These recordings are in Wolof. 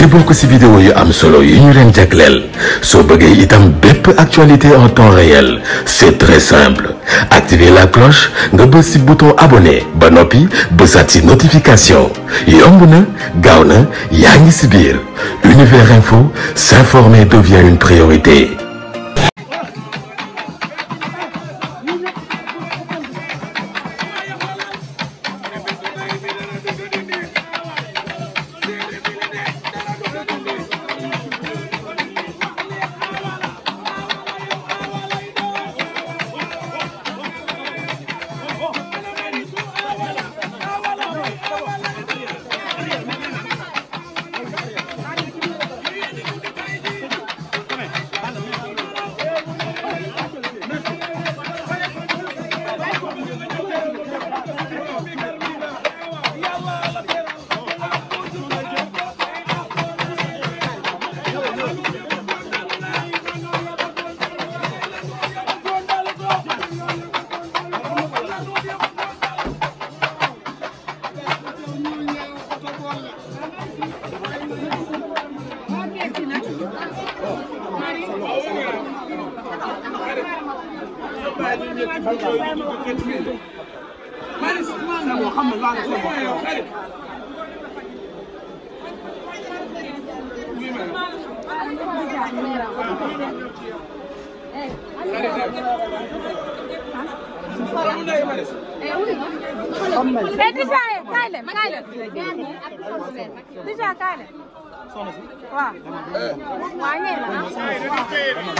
ci bokk si vidéo yu am solo yu ñu leen jagleel soo bëggee itam bépp actualité en temps réel c'est très simple activer la cloche nga bës si bouton abonné ba noppi ba bësaat si notification yomb na gaaw na yaa ngi si biir univers info s'informer devient une priorité Déjà kaay la. Waaw. Waaw ñëw na.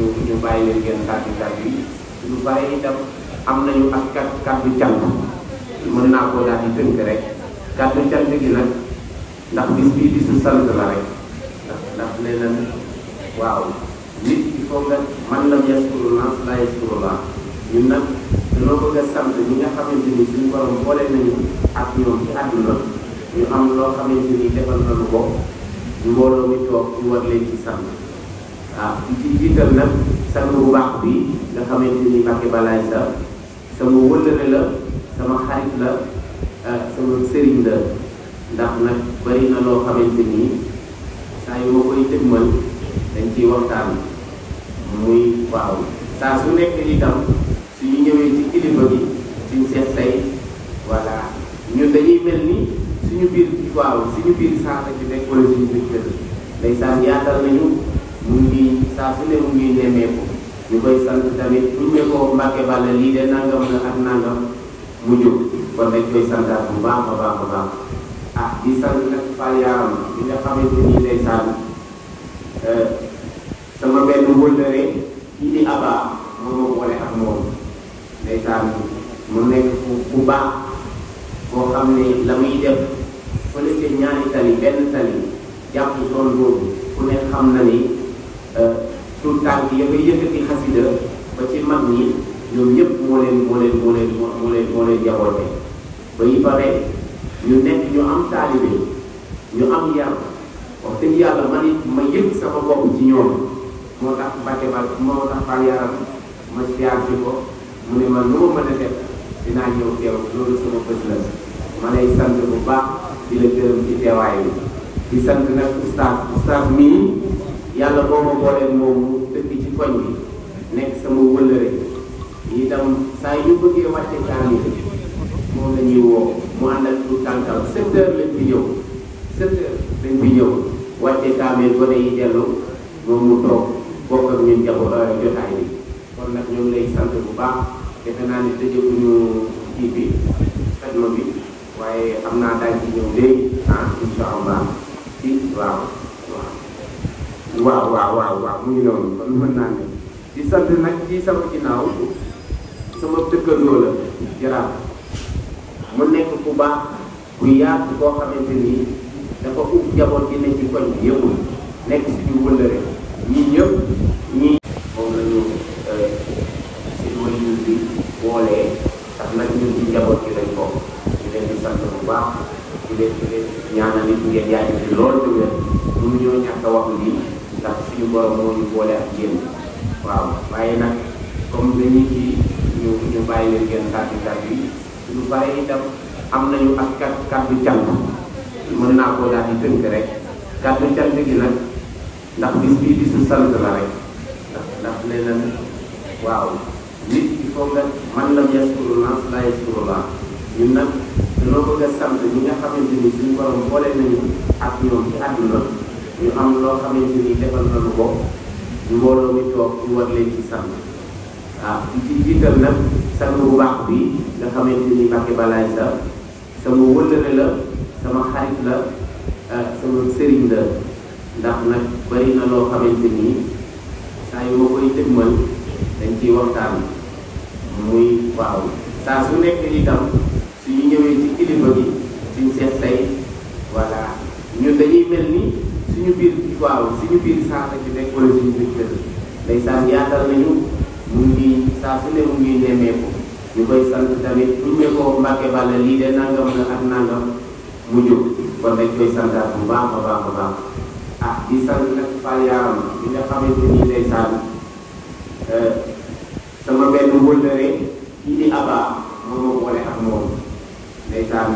ñu ñu bàyyi leen ngeen kàddu kàddu yi ñu bàyyi itam am nañu ak kàddu kàddu cant mën naa koo daal di tënk rek kàddu cant gi nag ndax bis bii bisu sant la rek ndax ndax nee na waaw nit il faut nga man lam yaskurullah la yaskurullah ñun nag dañoo bëgg a sant ñi nga xamante ni suñu borom boole nañu ak ñoom ci àdduna ñu am loo xamante ni defal nañu ko mbooloo mi toog ñu war leen sant waaw ah, ci jiital nag sang bu baax bi nga xamante ni Mbacke Balaye sa sama wëllëre la sama xarit la ah, sama sëriñ la ndax nag bari na loo xamante ni saa yu ma koy dëgmal dañ ci waxtaan muy waaw saa su nekk itam suñu ñëwee ci kilifa bi suñu seet say ñun dañuy mel ni suñu biir waaw suñu biir saaka ci nekk wala suñu biir kër ndeysaan yaatal nañu mu ngi saa su ne mu ngi nemmeeku ñu koy sant tamit buñ ne ko Mbàkke Balla lii de nangam la ak nangam mu jóg kon dañ koy santaat bu baax a baax a baax ah di sant euh, sama benn wëllëre kii boole ak moom ndeysaan mu nekk bu baax boo xam ne la muy def fële ca ñaari tali benn tali jàpp tool boobu ku ne xam na ni. tout tànk ya koy yëkkati xasida ba ci mag ñi ñoom ñëpp moo leen moo leen moo leen moo leen jaboote ba yi pare ñu nekk ñu am taalibe ñu am yar wax dëgg yàlla man ma yëg sama bopp ci ñoom moo tax Mbacke ba moo tax Fall yaram ma siyaar ci ko mu ne man lu ma mën def dinaa ñëw teew loolu sama bés ma lay sant bu baax di la gërëm ci teewaay bi di sant nag oustaz oustaz mii yàlla boo ma booleeg moom mu dëkk ci koñ bi nekk sama wëllëre itam saa yu bëggee wàcce kaamil moom la ñuy woo mu ànd ak du tànkal sept heures lañ ñëw sept heures lañ fi ñëw wàcce kaamil gone yi dellu moom mu toog bokk ak ñun jabo jotaay bi kon nag ñoom lay sant bu baax defe naa ne tëjëguñu kii bi xajma bi waaye am naa daañ ci ñëw léegi ah incha allah ci waaw waaw waaw waaw waaw mu ngi noonu kon mën naa ne di sant nag ci sama ginnaaw sama dëkkandoo la jaraaf mu nekk ku baax ku yaatu koo xamante ni dafa ub jaboot gi ne ci koñ bi yëpp nekk suñu wëllëre ñii ñëpp ñii moom la ñu euh, suñu wëllëre bi boolee ndax nag ñun ci njaboot gi lañ bokk di leen di sant bu di leen di leen ñaanal it ngeen yaay ci a ndax suñu borom moo ñu boole ak yéen waaw waaye nag comme dañuy kii ñu ñu bàyyi leen ngeen kàddu kàddu yi suñu bare itam am nañu ak kàddu kàddu cant mën naa koo daal di tënk rek kàddu cant gi nag ndax bis bisu sant la rek ndax ndax nee na waaw nit ki foog nga man lam yaskuru nas la yaskuru la ñun nag dañoo bëgg a sant ñi nga xamante ni suñu borom boole nañu ak ñoom ci àdduna ñu am loo xamante ni defal nañu ko mbooloo mi toog ñu war leen ci sàmm waaw ah, ci jiital nag sàmm bu baax bi nga xamante ni Mbacke Balaye sa sama wëllëre la sama xarit la ah, sama sëriñ la ndax nag bari na loo xamante ni saa yu ma koy dëgmal dañ ciy waxtaan muy waaw saa su nekk itam suñu ñëwee ci kilifa bi suñ seet say voilà ñun dañuy mel ni. suñu biir waaw suñu biir saako ci nekk wala suñu biir kër ndeysaan yaatal nañu mu ngi saa su ne mu ngi nemmeeku ñu koy sant tamit buñ ne ko Mbàkke Balla lii de nangam la ak nangam mu jóg kon dañ koy santaat bu baax a baax a baax ah di sant nag Fall Yaram bi nga xamante ni ndeysaan euh, sama benn wëllëre yi di Aba moom moo boole ak moom ndeysaan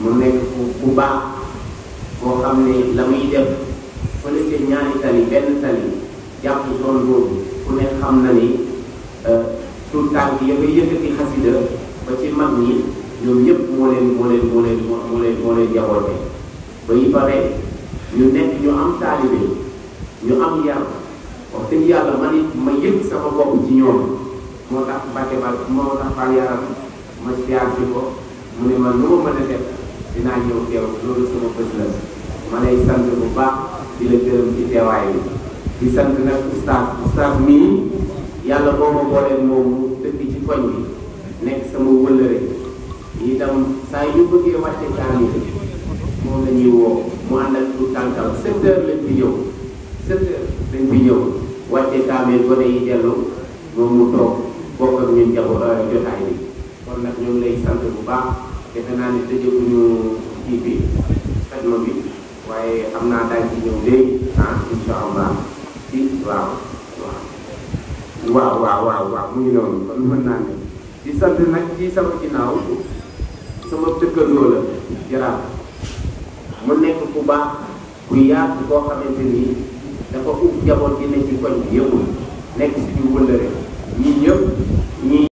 mu nekk bu baax. boo xam ne la muy def fële ca ñaari tali benn tali jàpp zone boobu ku ne xam na ni euh, tout tànk ya koy yëkkati xasida ba ci mag ñi ñoom ñëpp moo leen moo leen moo moo leen moo ba yi pare ñu nekk ñu am taalibe ñu yàlla ma nit ma moo tax Mbacke ba moo tax Ba ma jaar ci ko mu ne ma lu ma mën a def dinaa ñëw teew loolu sama bés man lay sant bu baax di la gërëm ci teewaay bi di sant nag oustaz oustaz mii yàlla boo ma booleen dëkk ci koñ bi nekk sama wëllëre itam saa yu bëggee wàcce woo mu ànd ak du tànkal sept heures lañ fi ñëw sept heures lañ fi ñëw wàcce kaamil gone yi dellu moom mu toog bokk ak ñun jabo euh, jotaay bi kon nag ñu lay sant bu baax defe naa ne tëjëguñu kii bi xajma bi waaye xam naa daal di ñëw léegi ah incha allah si waaw waaw waaw waaw waaw waaw mu ngi noonu kon mën naa ne di sant nag ci sama ginnaaw sama tëkkandoo la jaraaf mu nekk ku baax ku yaatu koo xamante ni dafa ub njaboot gi ne ci koñ bi yëpp nekk suñu wëllëre ñii ñëpp ñii